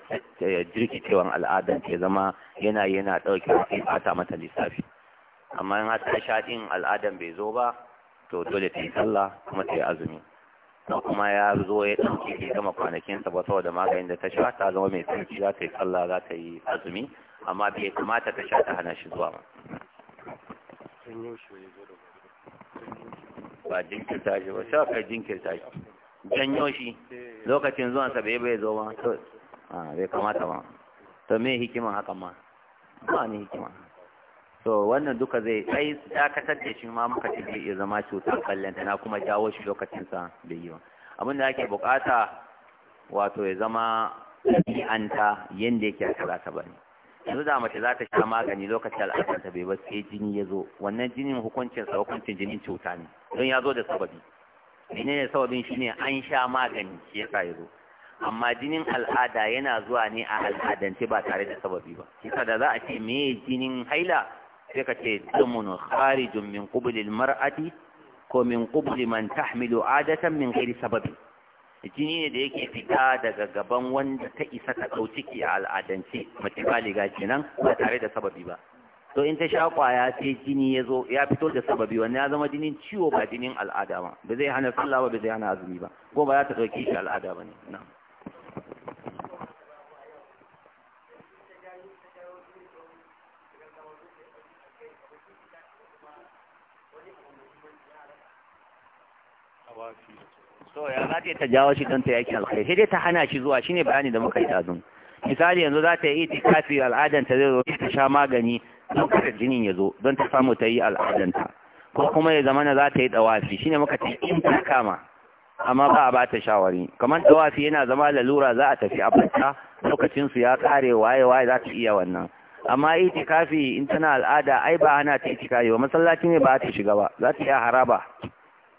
jirkicewan al'adan ke zama yana yana ɗauke sai ɓata mata lissafi amma in har sha ɗin al'adan bai zo ba to dole ta yi sallah kuma ta yi azumi da kuma ya zo ya ɗauki ke gama kwanakinsa ba saboda maganin da ta sha ta zama mai tsarki za ta yi tsalla za ta yi azumi amma bai kamata ta sha ta hana shi zuwa ba. ba jinkirta shi ba sha ka jinkirta shi janyo shi lokacin sa bai bai zo ba bai kamata ba to me hikiman hakan ma ba ni hikiman so wannan duka zai tsayi dakatar da shi ma muka ce zai zama cutar kallanta na kuma jawo shi lokacinsa da yi abin da ake bukata wato ya zama ɗabi'anta yadda yake aka za ta yanzu da mace za ta sha magani lokacin al'adar ta bai ba sai jini ya zo wannan jinin hukuncin sa hukuncin jinin cuta ne don ya zo da sababi menene sababin shi ne an sha magani shi yasa ya zo amma jinin al'ada yana zuwa ne a al'adance ba tare da sababi ba kisa da za a ce me jinin haila sai ka ce dumun kharijun min qubulil mar'ati ko min qubuli man tahmilu adatan min ghairi sababi jini ne da yake fita daga gaban wanda ta isa ta ɗau ciki a al'adance mace baliga kenan ba tare da sababi ba to in ta sha kwaya sai jini ya zo ya fito da sababi wannan ya zama jinin ciwo ba jinin al'ada ba ba zai hana sallah ba ba zai hana azumi ba ko ba za ta ɗauki shi al'ada ba ne na'am so ya za ta ta jawo shi don ta yi aikin alkhairi sai dai ta hana shi zuwa shine bayani da muka yi zun. misali yanzu za ta yi itikafi al'adanta zai zo ta sha magani don kada jinin ya zo don ta samu ta yi al'adanta ko kuma ya zama na za ta yi dawafi shine muka ce in ta kama amma ba a ba ta shawari kamar dawafi yana zama lalura za a tafi a lokacinsu lokacin ya kare waye waye za ta iya wannan amma itikafi in tana al'ada ai ba ana ta itikafi ba masallaci ne ba ta shiga ba za ta iya haraba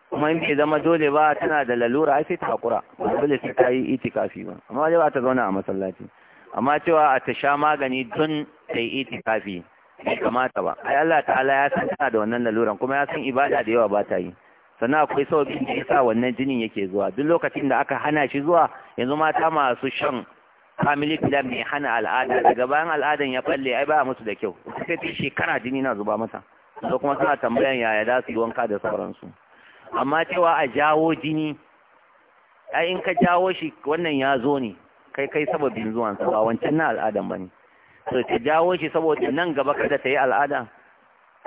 kuma in zama dole ba tana da lalura ai sai ta hakura ba dole sai ta yi itikafi ba amma dai ba ta zauna a masallaci amma cewa a ta sha magani don ta yi itikafi bai kamata ba ai Allah ta'ala ya san tana da wannan laluran kuma ya san ibada da yawa ba ta yi sannan akwai sauƙin da yasa wannan jinin yake zuwa duk lokacin da aka hana shi zuwa yanzu mata masu shan family plan mai hana al'ada daga bayan al'adan ya balle ai ba musu da kyau sai ta shekara jini na zuba masa. sai kuma suna tambayan yaya za su yi wanka da sauransu amma cewa a jawo jini ai in ka jawo shi wannan ya zo ne kai kai sababin zuwansa ba wancan na al'adan ba ne so ta jawo shi saboda nan gaba kada ta yi al'ada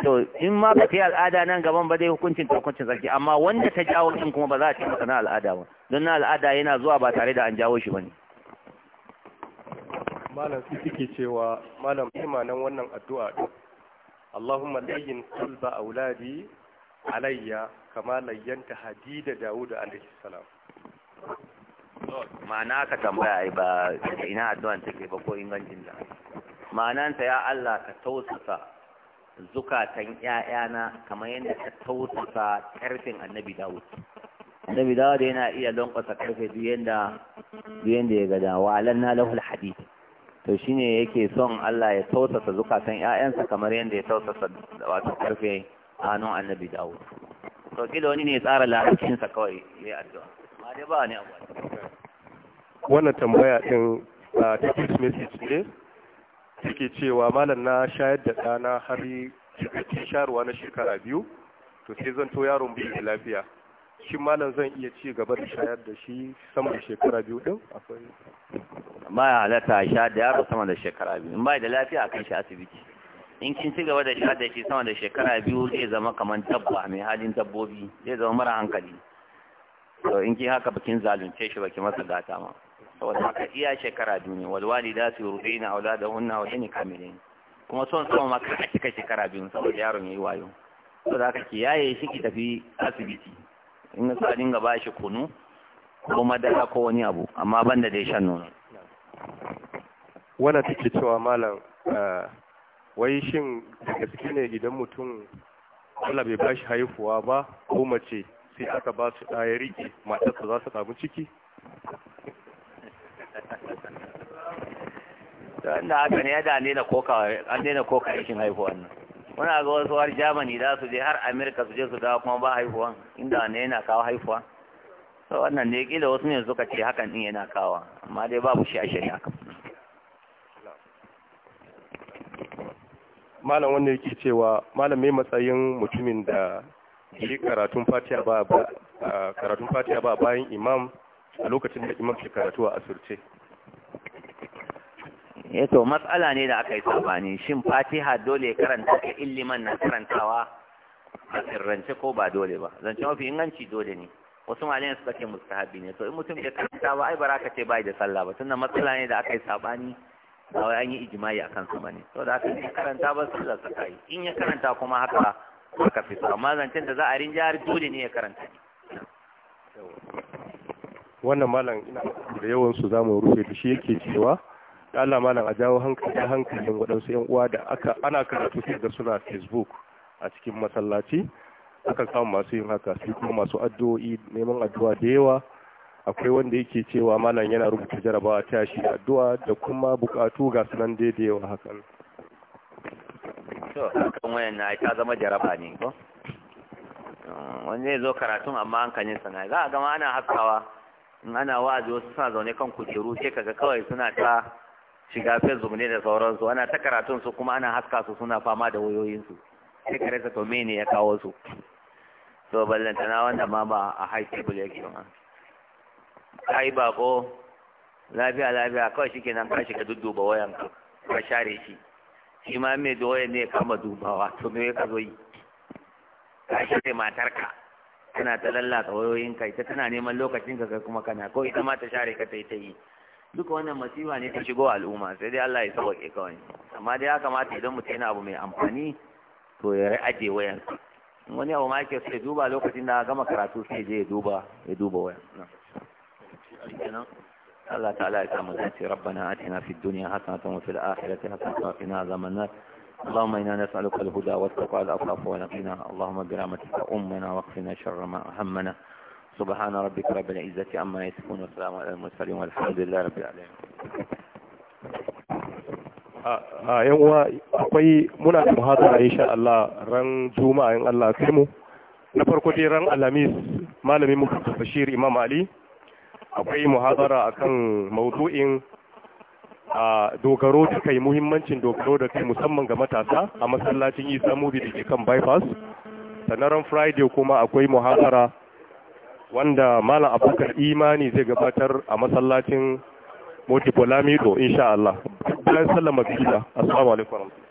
to in ma ba ta yi al'ada nan gaban ba zai hukuncin ta hukuncin sarki amma wanda ta jawo shi kuma ba za a ce maka na al'ada ba don na al'ada yana zuwa ba tare da an jawo shi ba ne malam su suke cewa malam imanan wannan addu'a Allahumma layyin qalba auladi alayya kama layyanta hadida dawuda alayhi salam ma'ana ka tambaya ba ina addu'an take ba ko ingancin da ma'ananta ya Allah ka tausasa zukatan ‘ya'yana kamar yadda ka tausasa ƙarfin annabi Dawud. Annabi Dawud yana iya lankwasa ƙarfe duyen da ya gada, walan na lahul hadith To shi ne yake son Allah ya tausasa zukatan ‘ya'yansa kamar yadda ya tausasa wato ƙarfe hannun annabi dawud to kila wani ne tsara sa kawai ya addu'a ma dai ba ne abu wannan tambaya din a text message ne take cewa malam na shayar da ɗana har cikakken sharuwa na shekara biyu to sai zan to yaron biyu da lafiya shi malam zan iya ci gaba da shayar da shi sama da shekara biyu din akwai ba ya halatta shayar da yaro sama da shekara biyu in ba da lafiya akan shi asibiti in kin ci gaba da sha da shi sama da shekara biyu zai zama kamar dabba mai halin dabbobi zai zama mara hankali to in kin haka bakin zalunce shi baki masa gata ma saboda haka iya shekara biyu ne wal walidatu yurdina auladahunna wa hin kamilin kuma son sama ma ka cika shekara biyu saboda yaron yayi wayo saboda haka ki yaye shi ki tafi asibiti in sa dinga ba shi kunu ko madara ko wani abu amma banda da ya shan nono wannan take cewa malam eh, wai shin da gaske ne idan mutum Allah bai bashi haihuwa ba ko mace sai aka ba su ɗaya riƙe matarsa za su samu ciki da wanda haka ne ya da ne na koka an ne na koka yakin haihuwan nan muna ga wasu har germany za su je har america su je su dawo kuma ba haihuwan inda ne yana kawo haihuwa to wannan ne kila wasu ne suka ce hakan din yana kawo amma dai babu shi a shari'a kan malam wanda yake cewa malam mai matsayin mutumin da yi karatun fatiha ba karatun fatiha ba bayan imam a lokacin da imam ke karatu a asirce ya eh to matsala ne da aka yi sabani shin fatiha dole karanta ka illiman na karantawa a sirrance ko ba dole ba zance mafi inganci dole ne wasu malayan suka ce mustahabi ne to in mutum ya karanta ba ai baraka ce bai da sallah ba tunda matsala ne da aka yi sabani ba wai an yi ijimai akan su bane to da haka ya karanta ba su da sakai in ya karanta kuma haka haka fi amma zancen da za a har dole ne ya karanta wannan malam ina da yawan su zamu rufe da shi yake cewa Allah malam a jawo hankali-hankali hankalin waɗansu ƴan uwa da aka ana karatu sai da suna Facebook a cikin masallaci aka samu masu yin haka su kuma masu addu'o'i neman addu'a da yawa akwai wanda yake cewa malam yana rubuta jarabawa ta shi addu'a da kuma bukatu ga sunan daidaiwa hakan to hakan wayan na ta zama jaraba ne ko wani zai zo karatun amma an kanyin sana za a gama ana haskawa in ana wa'azi wasu suna zaune kan kujeru sai kaga kawai suna ta shiga facebook ne da sauransu ana ta karatun su kuma ana haska su suna fama da wayoyinsu sai ka rasa to mene ya kawo su to ballantana wanda ma ba a high table yake ba ka yi bako lafiya lafiya kawai shi kenan ka dudduba wayan ka ka share shi shi ma mai da ne kama dubawa to me ka zo yi ka share matarka tana ta ka wayoyin ka, ita tana neman lokacin ka kai kuma kana ko ita ma ta share ka ta yi yi duka wannan masiba ne ta shigo al'umma sai dai Allah ya sauke kawai amma dai ya kamata idan mutum yana abu mai amfani to ya ajiye wayan wani abu ma yake sai duba lokacin da gama karatu sai je ya duba ya duba wayan الله تعالى يكرم الأنسي ربنا آتنا في الدنيا حسنة وفي الآخرة حسنة وقنا عذاب اللهم إنا نسألك الهدى والتقوى والعفاف ونقينا اللهم برحمتك أمنا وقفنا شر ما أهمنا سبحان ربك رب العزة أما يصفون والسلام على المسلم والحمد لله رب العالمين a yanwa akwai muna da muhadara insha Allah ran juma'a in Allah kai mu na farko dai ran alamis malamin mu Bashir Imam Ali akwai muhazara akan maudu'in a dogaro da kai muhimmancin dogaro da kai musamman ga matasa a masallacin isa mubi da ke kan bypass sanaran friday kuma akwai muhazara wanda malam abokan imani zai gabatar a masallacin motipolamido insha Allah. Bayan sallama gida, assalamu alaikum.